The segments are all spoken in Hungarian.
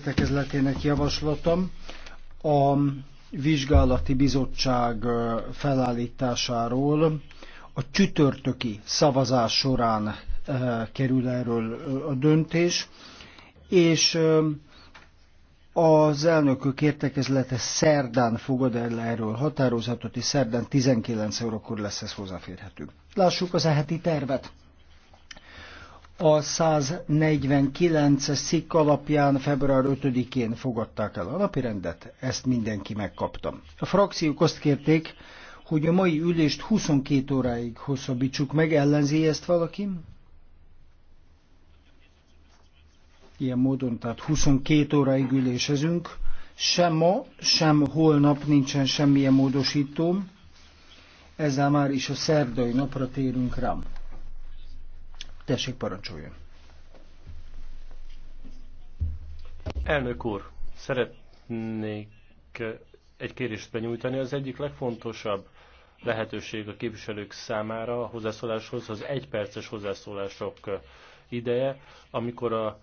értekezletének javaslatom a vizsgálati bizottság felállításáról a csütörtöki szavazás során kerül erről a döntés, és az elnökök értekezlete szerdán fogad el erről határozatot, és szerdán 19 órakor lesz ez hozzáférhető. Lássuk az eheti tervet a 149 szikk alapján február 5-én fogadták el a napirendet, ezt mindenki megkapta. A frakciók azt kérték, hogy a mai ülést 22 óráig hosszabbítsuk meg, ellenzi ezt valaki? Ilyen módon, tehát 22 óráig ülésezünk. Sem ma, sem holnap nincsen semmilyen módosítóm. Ezzel már is a szerdai napra térünk rám. Tessék, parancsoljon. Elnök úr, szeretnék egy kérést benyújtani. Az egyik legfontosabb lehetőség a képviselők számára a hozzászóláshoz az egyperces hozzászólások ideje, amikor a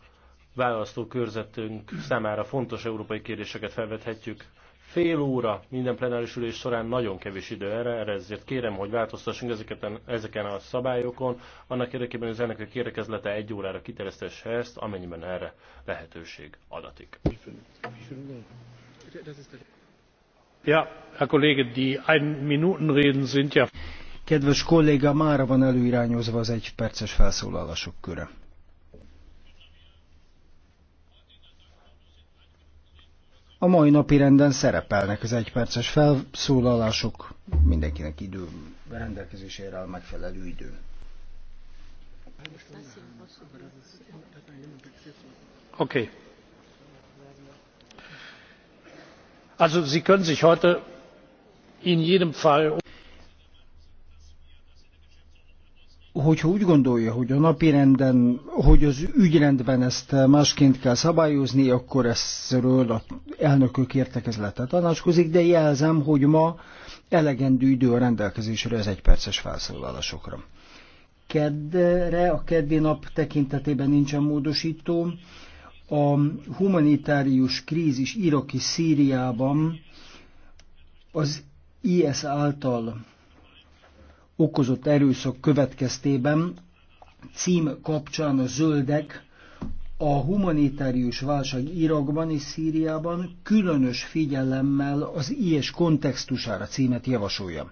választókörzetünk számára fontos európai kérdéseket felvethetjük fél óra minden plenáris ülés során nagyon kevés idő erre, erre ezért kérem, hogy változtassunk ezeken, ezeken a szabályokon, annak érdekében, hogy az elnökök érdekezlete egy órára kiteresztesse ezt, amennyiben erre lehetőség adatik. Ja, a kollége, die Ein-Minuten-Reden sind ja... Kedves kolléga, mára van előirányozva az egy perces felszólalások köre. A mai napi renden szerepelnek az egyperces felszólalások, mindenkinek idő rendelkezésére a megfelelő idő. Oké. Okay. Also Sie können sich heute in jedem Fall hogyha úgy gondolja, hogy a napi renden, hogy az ügyrendben ezt másként kell szabályozni, akkor ezzelől a elnökök értekezlete tanácskozik, de jelzem, hogy ma elegendő idő a rendelkezésre az egyperces felszólalásokra. Keddre a keddi nap tekintetében nincsen módosító. A humanitárius krízis Iraki Szíriában az IS által okozott erőszak következtében cím kapcsán a zöldek a humanitárius válság Irakban és Szíriában különös figyelemmel az ilyes kontextusára címet javasolja.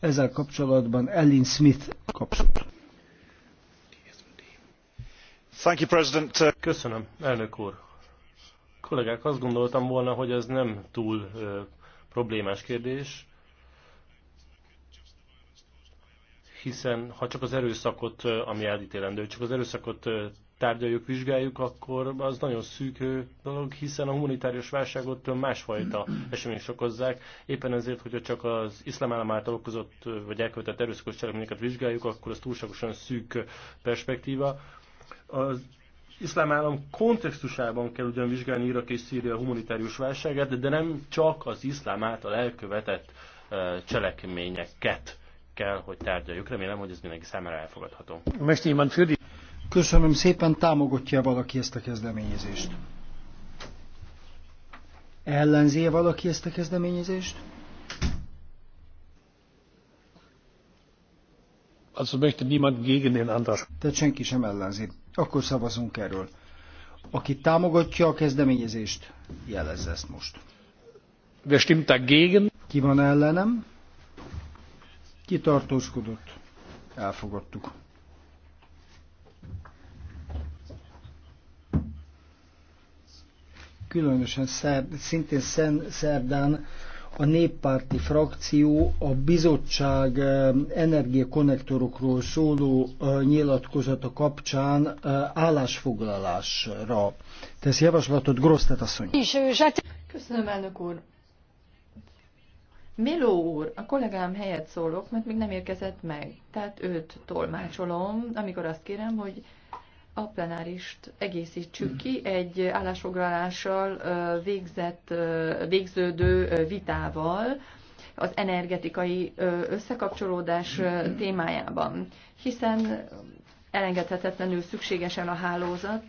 Ezzel kapcsolatban Ellen Smith kapcsolat. Thank you, President. Köszönöm, elnök úr. Kollégák, azt gondoltam volna, hogy ez nem túl problémás kérdés, hiszen ha csak az erőszakot, ami elítélendő, csak az erőszakot tárgyaljuk, vizsgáljuk, akkor az nagyon szűk dolog, hiszen a humanitárius válságot másfajta események okozzák. Éppen ezért, hogyha csak az iszlám állam által okozott vagy elkövetett erőszakos cselekményeket vizsgáljuk, akkor az túlságosan szűk perspektíva. Az iszlám állam kontextusában kell ugyan vizsgálni Irak és Szíria humanitárius válságát, de nem csak az iszlám által elkövetett cselekményeket kell, hogy tárgyaljuk. Remélem, hogy ez mindenki számára elfogadható. Köszönöm szépen, támogatja valaki ezt a kezdeményezést? ellenzi -e valaki ezt a kezdeményezést? Az möchte niemand gegen den Antrag. Tehát senki sem ellenzi. Akkor szavazunk erről. Aki támogatja a kezdeményezést, jelezze ezt most. Wer stimmt dagegen? Ki van ellenem? kitartóskodott. elfogadtuk. Különösen szer, szintén szen, szerdán a néppárti frakció a bizottság eh, energiakonnektorokról szóló eh, nyilatkozata kapcsán eh, állásfoglalásra tesz javaslatot. Grosztet asszony. Köszönöm, elnök úr. Miló úr, a kollégám helyett szólok, mert még nem érkezett meg. Tehát őt tolmácsolom, amikor azt kérem, hogy a plenárist egészítsük ki egy állásfoglalással végzett, végződő vitával az energetikai összekapcsolódás témájában. Hiszen elengedhetetlenül szükségesen a hálózat,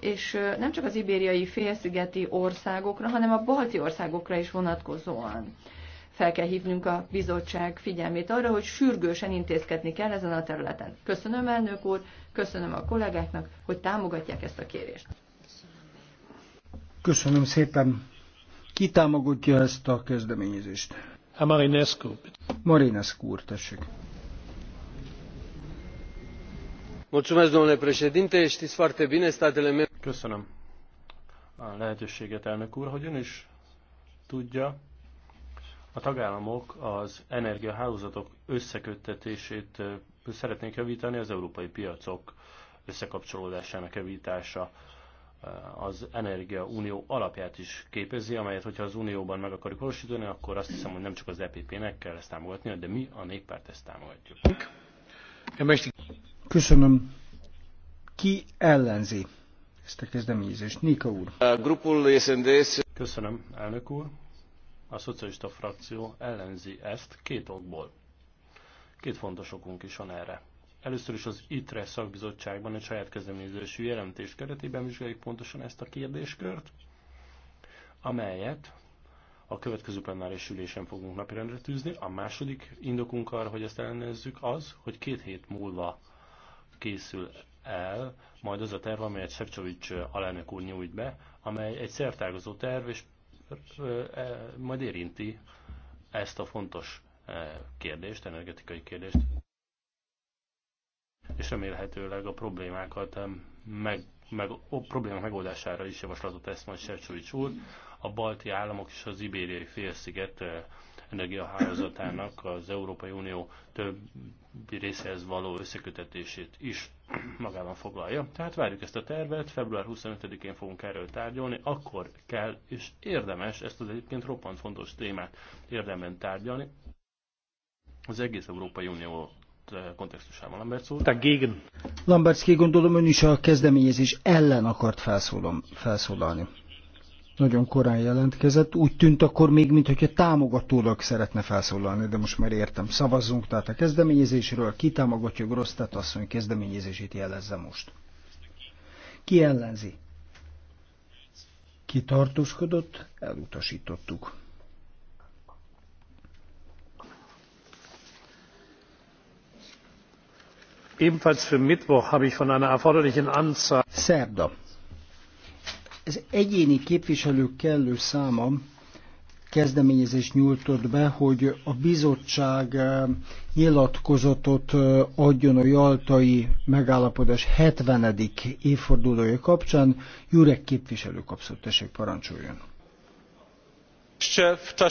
és nem csak az ibériai félszigeti országokra, hanem a balti országokra is vonatkozóan fel kell hívnunk a bizottság figyelmét arra, hogy sürgősen intézkedni kell ezen a területen. Köszönöm elnök úr, köszönöm a kollégáknak, hogy támogatják ezt a kérést. Köszönöm szépen. Ki támogatja ezt a kezdeményezést? A hát Marinescu. Marinescu úr, tessék. Köszönöm a lehetőséget, elnök úr, hogy ön is tudja, a tagállamok az energiahálózatok összeköttetését szeretnék javítani, az európai piacok összekapcsolódásának javítása az Energia Unió alapját is képezi, amelyet, hogyha az Unióban meg akarjuk valósítani, akkor azt hiszem, hogy nem csak az EPP-nek kell ezt támogatnia, de mi a néppárt ezt támogatjuk. Köszönöm. Ki ellenzi ezt a kezdeményezést? Nika úr. Köszönöm, elnök úr. A szocialista frakció ellenzi ezt két okból. Két fontos okunk is van erre. Először is az ITRE szakbizottságban egy saját kezdeményezésű jelentés keretében vizsgáljuk pontosan ezt a kérdéskört, amelyet a következő plenáris ülésen fogunk napirendre tűzni. A második indokunk arra, hogy ezt ellenőrizzük, az, hogy két hét múlva készül el majd az a terv, amelyet Sefcsovics alelnök úr nyújt be, amely egy szertágazó terv, és E, majd érinti ezt a fontos e, kérdést, energetikai kérdést, és remélhetőleg a problémákat meg, meg, a problémák megoldására is javaslatot tesz majd Sercsovics úr. A balti államok és az ibériai félsziget e, energiahálózatának az Európai Unió többi részehez való összekötetését is magában foglalja. Tehát várjuk ezt a tervet, február 25-én fogunk erről tárgyalni, akkor kell és érdemes ezt az egyébként roppant fontos témát érdemben tárgyalni. Az egész Európai Unió eh, kontextusában Tehát gégen. Lambertszki gondolom ön is a kezdeményezés ellen akart felszólalni nagyon korán jelentkezett. Úgy tűnt akkor még, mintha támogatólag szeretne felszólalni, de most már értem. Szavazzunk tehát a kezdeményezésről. Ki támogatja Grosztát mondja, kezdeményezését jelezze most. Ki ellenzi? Ki tartózkodott? Elutasítottuk. Ebenfalls für Mittwoch habe ich von einer erforderlichen Anzahl. Szerda az egyéni képviselők kellő száma kezdeményezést nyújtott be, hogy a bizottság eh, nyilatkozatot eh, adjon a jaltai megállapodás 70. évfordulója kapcsán. Jurek képviselő kapszott, tessék parancsoljon.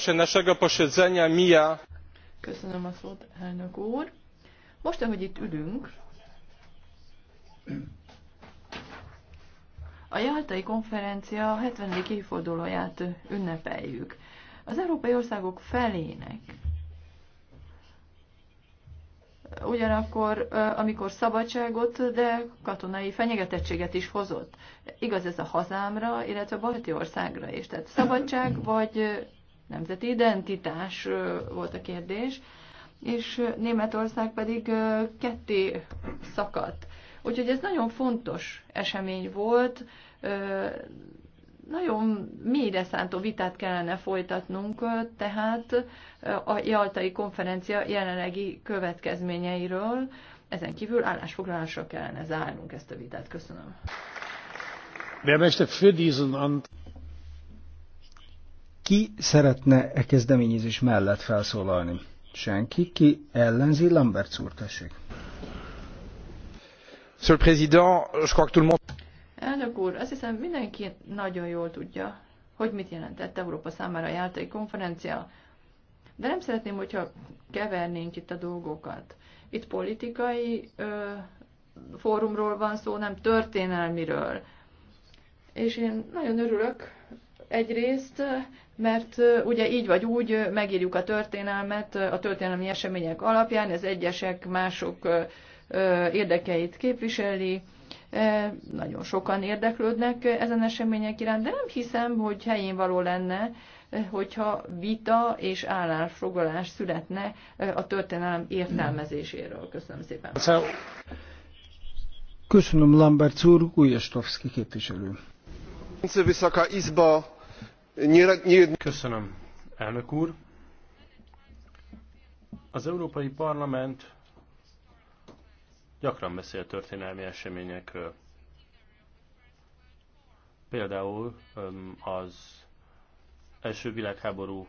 W naszego posiedzenia mia. Köszönöm a szót, elnök úr. Most, ahogy itt ülünk, a Jaltai konferencia 70. évfordulóját ünnepeljük. Az európai országok felének ugyanakkor, amikor szabadságot, de katonai fenyegetettséget is hozott. Igaz ez a hazámra, illetve a balti országra is. Tehát szabadság vagy nemzeti identitás volt a kérdés, és Németország pedig ketté szakadt. Úgyhogy ez nagyon fontos esemény volt, nagyon mélyre szántó vitát kellene folytatnunk, tehát a Jaltai konferencia jelenlegi következményeiről, ezen kívül állásfoglalásra kellene zárnunk ezt a vitát. Köszönöm. Ki szeretne e kezdeményezés mellett felszólalni? Senki, ki ellenzi Lambert úr, tessék. Monsieur le Président, je crois que tout le monde... Elnök úr, azt hiszem mindenki nagyon jól tudja, hogy mit jelentett Európa számára a konferencia. De nem szeretném, hogyha kevernénk itt a dolgokat. Itt politikai ö, fórumról van szó, nem történelmiről. És én nagyon örülök egyrészt, mert ugye így vagy úgy megírjuk a történelmet a történelmi események alapján, ez egyesek, mások érdekeit képviseli, nagyon sokan érdeklődnek ezen események iránt, de nem hiszem, hogy helyén való lenne, hogyha vita és állásfoglalás születne a történelem értelmezéséről. Köszönöm szépen. Köszönöm, Lambert úr, Ujjastovszki képviselő. Köszönöm, elnök úr. Az Európai Parlament Gyakran beszél történelmi eseményekről. Például az első világháború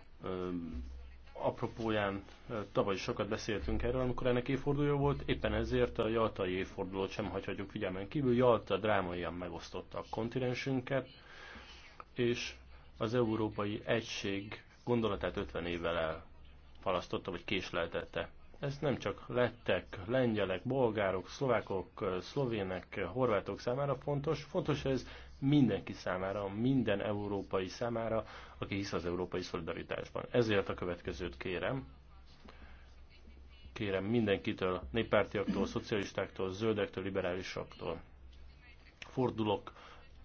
apropóján tavaly sokat beszéltünk erről, amikor ennek évfordulója volt, éppen ezért a Jaltai évfordulót sem hagyhatjuk figyelmen kívül. Jalta drámaian megosztotta a kontinensünket, és az európai egység gondolatát 50 évvel elhalasztotta, vagy késleltette ezt nem csak lettek, lengyelek, bolgárok, szlovákok, szlovének, horvátok számára fontos, fontos ez mindenki számára, minden európai számára, aki hisz az európai szolidaritásban. Ezért a következőt kérem. Kérem mindenkitől, néppártiaktól, szocialistáktól, zöldektől, liberálisoktól. Fordulok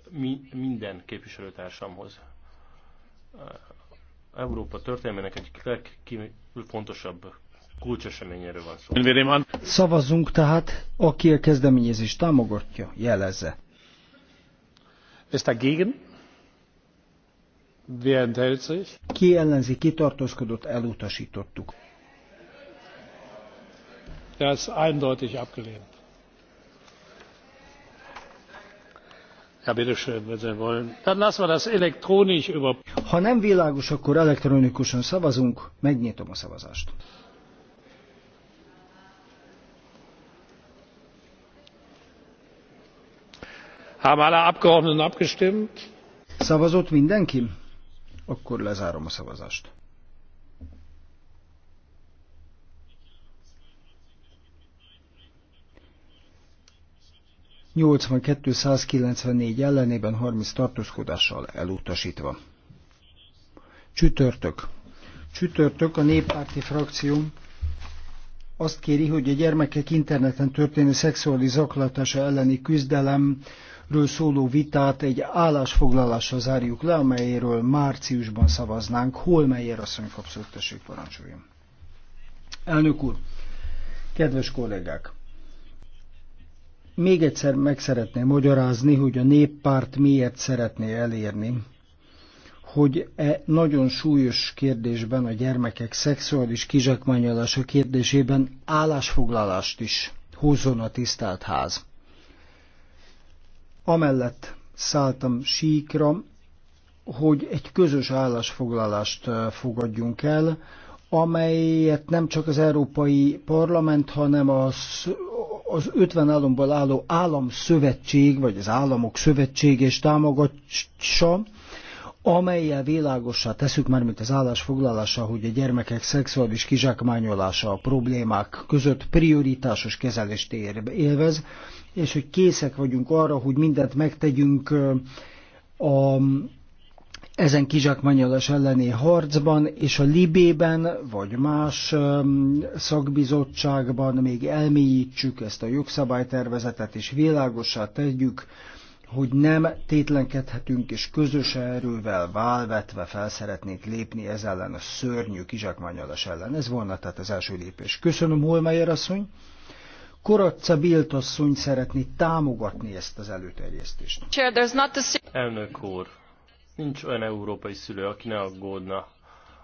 mi, minden képviselőtársamhoz. Európa történelmének egyik legfontosabb kulcseseményéről van szó. Szavazzunk tehát, aki a kezdeményezést támogatja, jelezze. Ist dagegen? Wer enthält sich? Ki ellenzi, kitartózkodott, elutasítottuk. Das eindeutig abgelehnt. Ja, bitteschön, wenn Sie wollen. Dann lassen wir das elektronisch über. Ha nem világos, akkor elektronikusan szavazunk. Megnyitom a szavazást. haben alle abgeordneten abgestimmt? szavazott mindenki? akkor lezárom a szavazást. négy ellenében 30 tartózkodással elutasítva. Csütörtök. Csütörtök a néppárti frakció azt kéri, hogy a gyermekek interneten történő szexuális zaklatása elleni küzdelemről szóló vitát egy állásfoglalással zárjuk le, amelyről márciusban szavaznánk. Hol melyér asszony kapszott, tessék parancsoljon. Elnök úr, kedves kollégák! Még egyszer meg szeretném magyarázni, hogy a néppárt miért szeretné elérni, hogy e nagyon súlyos kérdésben, a gyermekek szexuális kizsákmányolása kérdésében állásfoglalást is hozzon a tisztelt ház. Amellett szálltam síkra, hogy egy közös állásfoglalást e, fogadjunk el, amelyet nem csak az Európai Parlament, hanem az, az 50 államból álló államszövetség, vagy az államok Szövetség és támogassa, amelyel világossá teszük már, mint az állásfoglalása, hogy a gyermekek szexuális kizsákmányolása a problémák között prioritásos kezelést élvez, és hogy készek vagyunk arra, hogy mindent megtegyünk a ezen kizsákmányolás elleni harcban, és a Libében, vagy más szakbizottságban még elmélyítsük ezt a jogszabálytervezetet, és világossá tegyük, hogy nem tétlenkedhetünk, és közös erővel válvetve fel szeretnénk lépni ez ellen a szörnyű kizsákmányolás ellen. Ez volna tehát az első lépés. Köszönöm, Holmeyer asszony. Koratca Bilt asszony szeretné támogatni ezt az előterjesztést. Elnök úr, nincs olyan európai szülő, aki ne aggódna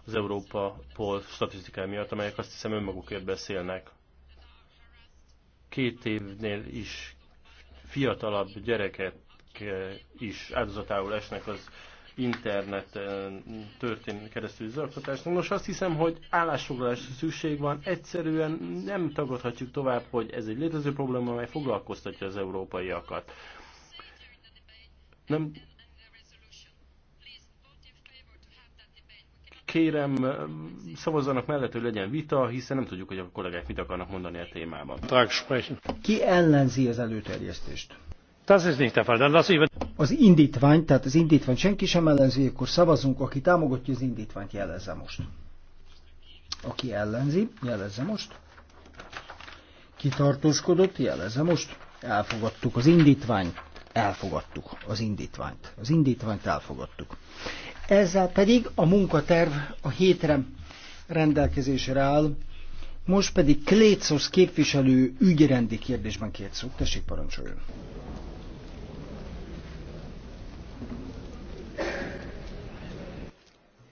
az Európa Pol statisztikája miatt, amelyek azt hiszem önmagukért beszélnek. Két évnél is fiatalabb gyereket Eh, is áldozatául esnek az internet történő keresztül zaklatásnak. Nos, azt hiszem, hogy állásfoglalásra szükség van. Egyszerűen nem tagadhatjuk tovább, hogy ez egy létező probléma, amely foglalkoztatja az európaiakat. Nem kérem, szavazzanak mellett, hogy legyen vita, hiszen nem tudjuk, hogy a kollégák mit akarnak mondani a témában. Ki ellenzi az előterjesztést? Az indítvány, tehát az indítvány senki sem ellenzi, akkor szavazunk, aki támogatja az indítványt, jelezze most. Aki ellenzi, jelezze most. tartózkodott, jelezze most. Elfogadtuk az indítványt. Elfogadtuk az indítványt. Az indítványt elfogadtuk. Ezzel pedig a munkaterv a hétre rendelkezésre áll. Most pedig Klécos képviselő ügyrendi kérdésben két szó. Tessék, parancsoljon.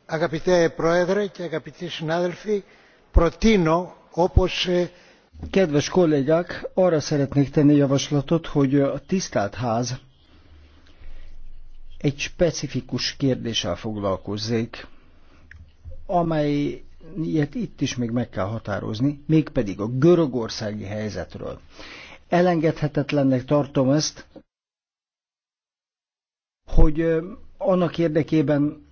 Agapite Proedre agapite sinadelfi, protino, opos... Eh, Kedves kollégák, arra szeretnék tenni javaslatot, hogy a tisztelt ház egy specifikus kérdéssel foglalkozzék, amely ilyet itt is még meg kell határozni, mégpedig a görögországi helyzetről. Elengedhetetlennek tartom ezt, hogy annak érdekében,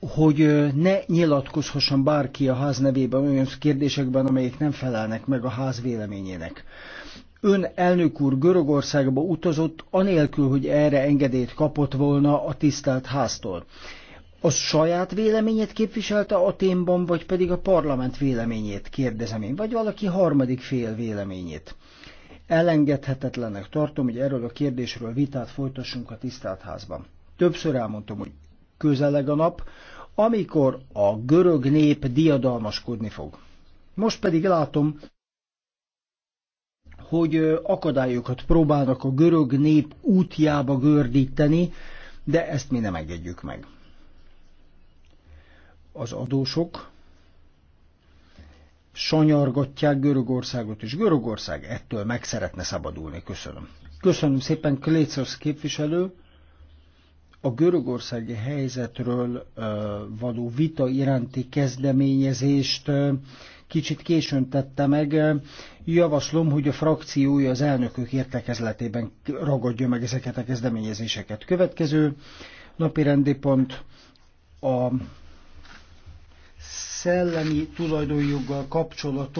hogy ne nyilatkozhasson bárki a ház nevében olyan kérdésekben, amelyek nem felelnek meg a ház véleményének. Ön elnök úr Görögországba utazott, anélkül, hogy erre engedélyt kapott volna a tisztelt háztól a saját véleményét képviselte a témban, vagy pedig a parlament véleményét kérdezem én, vagy valaki harmadik fél véleményét. Elengedhetetlenek tartom, hogy erről a kérdésről vitát folytassunk a tisztelt házban. Többször elmondtam, hogy közeleg a nap, amikor a görög nép diadalmaskodni fog. Most pedig látom, hogy akadályokat próbálnak a görög nép útjába gördíteni, de ezt mi nem engedjük meg az adósok sanyargatják Görögországot, és Görögország ettől meg szeretne szabadulni. Köszönöm. Köszönöm szépen, Klécosz képviselő. A görögországi helyzetről való vita iránti kezdeményezést kicsit későn tette meg. Javaslom, hogy a frakciója az elnökök értekezletében ragadja meg ezeket a kezdeményezéseket. Következő napi rendi pont a szellemi tulajdonjoggal kapcsolatos